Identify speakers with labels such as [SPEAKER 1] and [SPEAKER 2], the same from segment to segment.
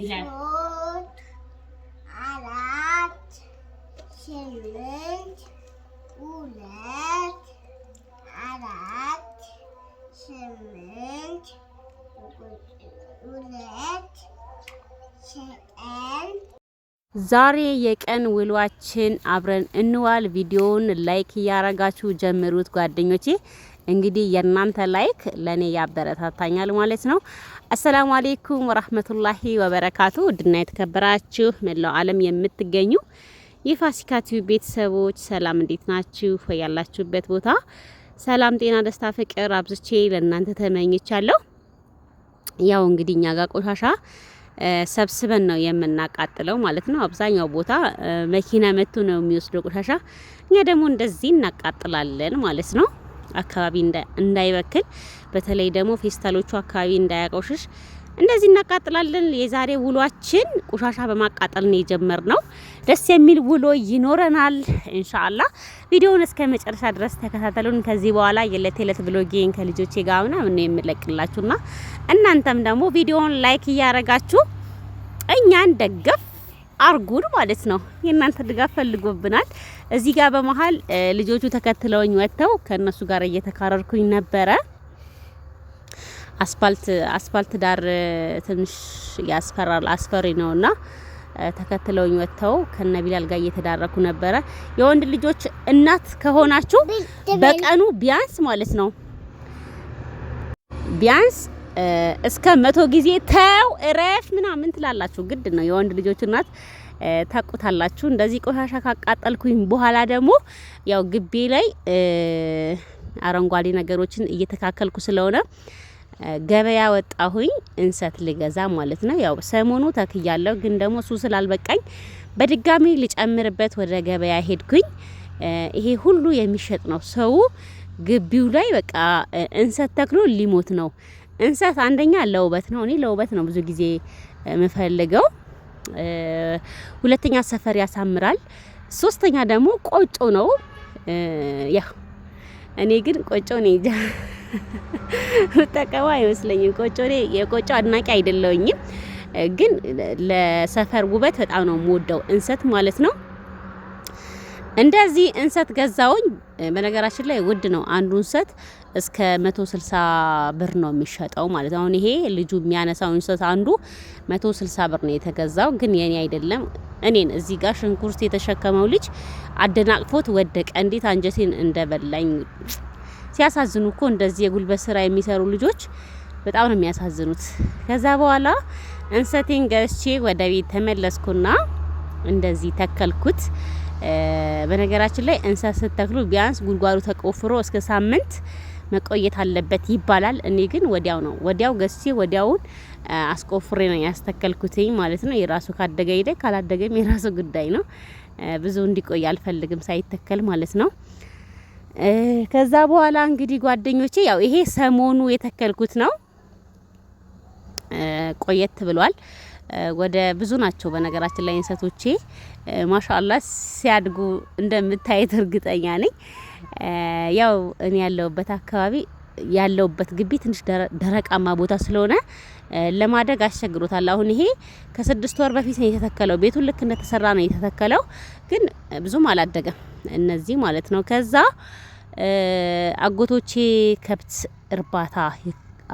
[SPEAKER 1] ሶስት፣ አራት፣ ስምንት፣ ሁለት፣ አራት፣ ስምንት፣ ሁለት፣ ዘጠኝ ዛሬ የቀን ውሏችን አብረን እንዋል። ቪዲዮውን ላይክ እያረጋችሁ ጀምሩት ጓደኞቼ። እንግዲህ የእናንተ ላይክ ለእኔ ያበረታታኛል ማለት ነው። አሰላሙ አሌይኩም ወራህመቱላሂ ወበረካቱ። ውድና የተከበራችሁ መላው ዓለም የምትገኙ የፋሲካ ቲቪ ቤተሰቦች ሰላም፣ እንዴት ናችሁ? ያላችሁበት ቦታ ሰላም፣ ጤና፣ ደስታ፣ ፍቅር አብዝቼ ለእናንተ ተመኝቻለሁ። ያው እንግዲህ እኛ ጋር ቆሻሻ ሰብስበን ነው የምናቃጥለው ማለት ነው። አብዛኛው ቦታ መኪና መጥቶ ነው የሚወስደው ቆሻሻ። እኛ ደግሞ እንደዚህ እናቃጥላለን ማለት ነው። አካባቢ እንዳይበክል፣ በተለይ ደግሞ ፌስታሎቹ አካባቢ እንዳያቆሽሽ እንደዚህ እናቃጥላለን። የዛሬ ውሏችን ቆሻሻ በማቃጠል ነው የጀመርነው። ደስ የሚል ውሎ ይኖረናል እንሻአላ። ቪዲዮውን እስከ መጨረሻ ድረስ ተከታተሉን። ከዚህ በኋላ የለት ዕለት ብሎጌን ከልጆቼ ጋር ምናምን ነው የምለቅላችሁና እናንተም ደግሞ ቪዲዮውን ላይክ እያረጋችሁ እኛን ደገፍ አርጉን ማለት ነው። የእናንተ ድጋፍ ፈልጎብናል። እዚህ ጋር በመሀል ልጆቹ ተከትለውኝ ወጥተው ከእነሱ ጋር እየተካረርኩኝ ነበረ። አስፋልት አስፋልት ዳር ትንሽ ያስፈራል፣ አስፈሪ ነውና ተከትለውኝ ወጥተው ከነ ቢላል ጋር እየተዳረኩ ነበረ። የወንድ ልጆች እናት ከሆናችሁ በቀኑ ቢያንስ ማለት ነው ቢያንስ እስከ መቶ ጊዜ ተው እረፍ ምናምን ትላላችሁ። ግድ ነው የወንድ ልጆች እናት ታቁታላችሁ። እንደዚህ ቆሻሻ ካቃጠልኩኝ በኋላ ደግሞ ያው ግቢ ላይ አረንጓዴ ነገሮችን እየተካከልኩ ስለሆነ ገበያ ወጣሁኝ እንሰት ልገዛ ማለት ነው። ያው ሰሞኑ ተክያለሁ፣ ግን ደግሞ እሱ ስላልበቃኝ በድጋሚ ልጨምርበት ወደ ገበያ ሄድኩኝ። ይሄ ሁሉ የሚሸጥ ነው። ሰው ግቢው ላይ በቃ እንሰት ተክሎ ሊሞት ነው። እንሰት አንደኛ ለውበት ነው። እኔ ለውበት ነው ብዙ ጊዜ የምፈልገው። ሁለተኛ ሰፈር ያሳምራል። ሶስተኛ ደግሞ ቆጮ ነው። ያ እኔ ግን ቆጮ ነኝ እንጃ የምጠቀመው አይመስለኝም። ቆጮ እኔ የቆጮ አድናቂ አይደለሁኝም፣ ግን ለሰፈር ውበት በጣም ነው የምወደው እንሰት ማለት ነው። እንደዚህ እንሰት ገዛውኝ። በነገራችን ላይ ውድ ነው አንዱ እንሰት እስከ 160 ብር ነው የሚሸጠው ማለት ነው። አሁን ይሄ ልጁ የሚያነሳው እንሰት አንዱ 160 ብር ነው የተገዛው፣ ግን የኔ አይደለም። እኔን እዚህ ጋር ሽንኩርት የተሸከመው ልጅ አደናቅፎት ወደቀ። እንዴት አንጀቴን እንደበላኝ ሲያሳዝኑ እኮ እንደዚህ የጉልበት ስራ የሚሰሩ ልጆች በጣም ነው የሚያሳዝኑት። ከዛ በኋላ እንሰቴን ገዝቼ ወደ ቤት ተመለስኩና እንደዚህ ተከልኩት። በነገራችን ላይ እንሰት ስትተክሉ ቢያንስ ጉድጓዱ ተቆፍሮ እስከ ሳምንት መቆየት አለበት ይባላል። እኔ ግን ወዲያው ነው ወዲያው ገዝቼ ወዲያውን አስቆፍሬ ነው ያስተከልኩትኝ ማለት ነው። የራሱ ካደገ ሄደ ካላደገም የራሱ ጉዳይ ነው። ብዙ እንዲቆይ አልፈልግም ሳይተከል ማለት ነው። ከዛ በኋላ እንግዲህ ጓደኞቼ ያው ይሄ ሰሞኑ የተከልኩት ነው። ቆየት ብሏል። ወደ ብዙ ናቸው። በነገራችን ላይ እንሰቶቼ ማሻአላ ሲያድጉ እንደምታይት እርግጠኛ ነኝ። ያው እኔ ያለሁበት አካባቢ ያለውበት ግቢ ትንሽ ደረቃማ ቦታ ስለሆነ ለማደግ አስቸግሮታል። አሁን ይሄ ከስድስት ወር በፊት ነው የተተከለው። ቤቱን ልክ እንደተሰራ ነው የተተከለው፣ ግን ብዙም አላደገም። እነዚህ ማለት ነው። ከዛ አጎቶቼ ከብት እርባታ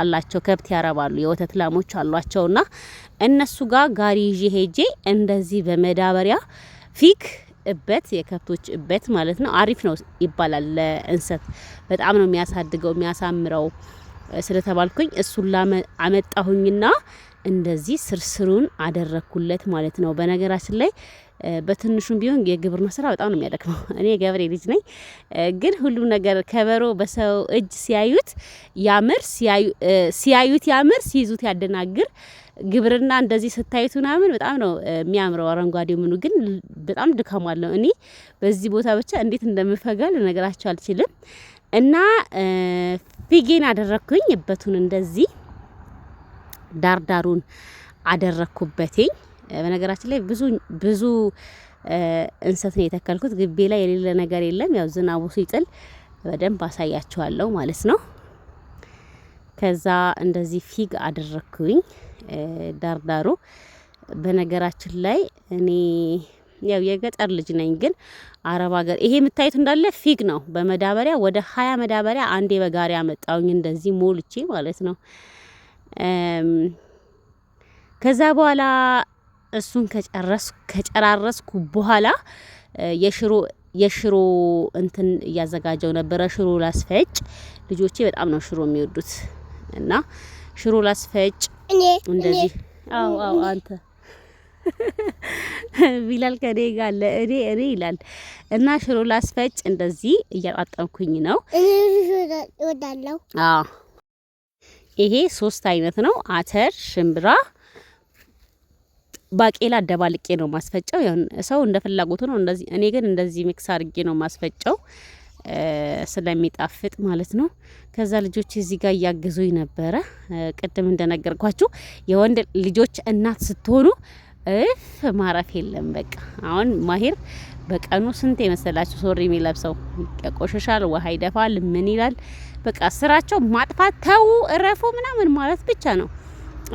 [SPEAKER 1] አላቸው። ከብት ያረባሉ፣ የወተት ላሞች አሏቸውና እነሱ ጋር ጋሪ ይዤ ሄጄ እንደዚህ በመዳበሪያ ፊክ እበት የከብቶች እበት ማለት ነው። አሪፍ ነው ይባላል ለእንሰት በጣም ነው የሚያሳድገው የሚያሳምረው ስለተባልኩኝ እሱን ላመጣሁኝና እንደዚህ ስርስሩን አደረግኩለት ማለት ነው። በነገራችን ላይ በትንሹም ቢሆን የግብርና ስራ በጣም ነው የሚያደክመው። እኔ የገበሬ ልጅ ነኝ፣ ግን ሁሉም ነገር ከበሮ በሰው እጅ ሲያዩት ያምር፣ ሲያዩት ያምር፣ ሲይዙት ያደናግር። ግብርና እንደዚህ ስታዩት ምናምን በጣም ነው የሚያምረው። አረንጓዴ ምኑ ግን በጣም ድካም አለው። እኔ በዚህ ቦታ ብቻ እንዴት እንደምፈጋ ልነግራቸው አልችልም። እና ፊጌን አደረግኩኝ፣ በቱን እንደዚህ ዳርዳሩን አደረግኩበትኝ። በነገራችን ላይ ብዙ ብዙ እንሰት ነው የተከልኩት። ግቤ ላይ የሌለ ነገር የለም። ያው ዝናቡ ሲጥል በደንብ አሳያችኋለሁ ማለት ነው። ከዛ እንደዚህ ፊግ አደረግኩኝ ዳርዳሩ። በነገራችን ላይ እኔ ያው የገጠር ልጅ ነኝ፣ ግን አረብ ሀገር ይሄ የምታዩት እንዳለ ፊግ ነው። በመዳበሪያ ወደ ሀያ መዳበሪያ አንዴ በጋሪ ያመጣውኝ እንደዚህ ሞልቼ ማለት ነው። ከዛ በኋላ እሱን ከጨራረስኩ በኋላ የሽሮ የሽሮ እንትን እያዘጋጀው ነበረ። ሽሮ ላስፈጭ። ልጆቼ በጣም ነው ሽሮ የሚወዱት እና ሽሮ ላስፈጭ እንደዚህ። አዎ አዎ፣ አንተ ቢላል ከኔ ጋር አለ። እኔ እኔ ይላል እና ሽሮ ላስፈጭ እንደዚህ እያጣጠምኩኝ ነው። ይሄ ሶስት አይነት ነው። አተር፣ ሽምብራ ባቄላ አደባልቄ ነው ማስፈጨው። ሰው እንደ ፍላጎቱ ነው። እንደዚህ እኔ ግን እንደዚህ ሚክስ አድርጌ ነው ማስፈጨው ስለሚጣፍጥ ማለት ነው። ከዛ ልጆች እዚህ ጋር እያገዙኝ ነበረ። ቅድም እንደነገርኳችሁ የወንድ ልጆች እናት ስትሆኑ እፍ ማረፍ የለም በቃ። አሁን ማሄር በቀኑ ስንት የመሰላችሁ ሶሪ የሚለብሰው ይቆሸሻል፣ ውሃ ይደፋል፣ ምን ይላል። በቃ ስራቸው ማጥፋት ተዉ እረፉ ምናምን ማለት ብቻ ነው።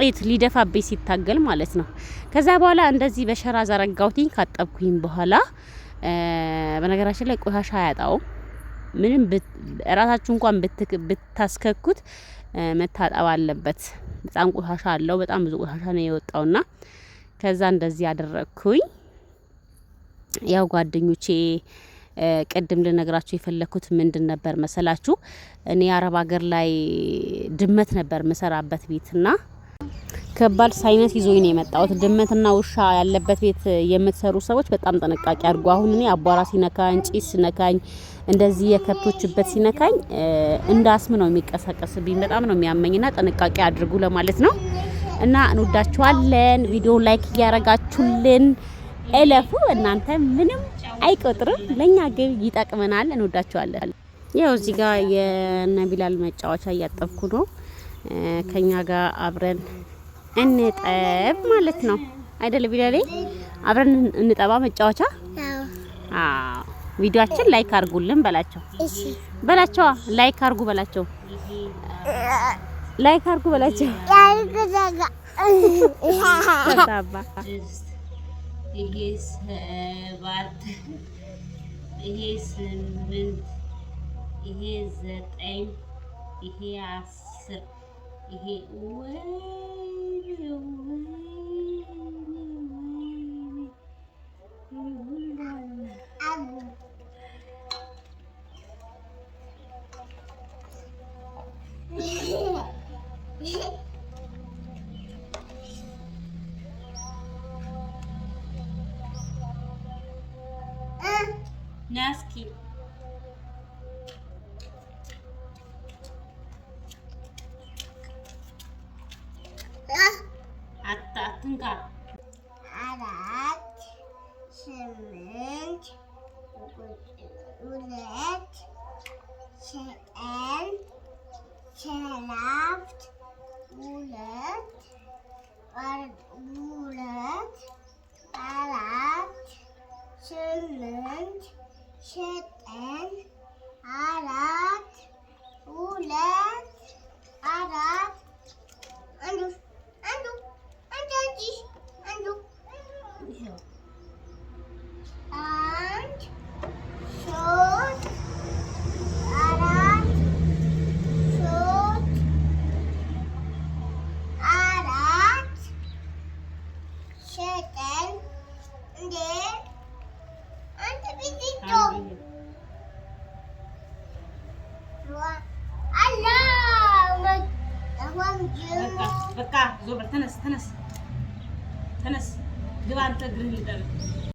[SPEAKER 1] ጤት ሊደፋብኝ ሲታገል ማለት ነው። ከዛ በኋላ እንደዚህ በሸራ ዘረጋውትኝ ካጠብኩኝ በኋላ በነገራችን ላይ ቆሻሻ አያጣውም። ምንም ራሳችሁ እንኳን ብታስከኩት መታጠብ አለበት። በጣም ቆሻሻ አለው። በጣም ብዙ ቆሻሻ ነው የወጣውና ከዛ እንደዚህ ያደረግኩኝ ያው ጓደኞቼ ቅድም ልነግራችሁ የፈለግኩት ምንድን ነበር መሰላችሁ? እኔ አረብ ሀገር ላይ ድመት ነበር ምሰራበት ቤትና ከባድ ሳይነስ ይዞኝ ነው የመጣሁት። ድመትና ውሻ ያለበት ቤት የምትሰሩ ሰዎች በጣም ጥንቃቄ አድርጉ። አሁን እኔ አቧራ ሲነካኝ፣ ጭስ ሲነካኝ፣ እንደዚህ የከብቶችበት ሲነካኝ እንደ አስም ነው የሚቀሰቀስብኝ። በጣም ነው የሚያመኝና ጥንቃቄ አድርጉ ለማለት ነው። እና እንወዳችኋለን። ቪዲዮ ላይክ እያረጋችሁልን እለፉ። እናንተ ምንም አይቆጥርም፣ ለኛ ግን ይጠቅመናል። እንወዳችኋለን። ያው እዚህ ጋር የነቢላል መጫወቻ እያጠብኩ ነው። ከኛ ጋር አብረን እንጠብ ማለት ነው አይደል? ቪዲዮ ላይ አብረን እንጠባ መጫወቻ። አዎ ቪዲዮአችን ላይክ አርጉልን በላቸው በላቸው፣ ላይክ አርጉ በላቸው፣ ላይክ አርጉ በላቸው። ይሄ ሰባት ይሄ ስምንት ይሄ ዘጠኝ ይሄ አስር It went away. funkar. cement, ullet, kjell, kjellaft, ullet, ullet, harat, cement, kjell, harat, ullet, harat, shirt and there and the busy dog. Allah, تمام جمع. بكا بكا زبر تنس تنس تنس. ديوان تقرن لدرجة.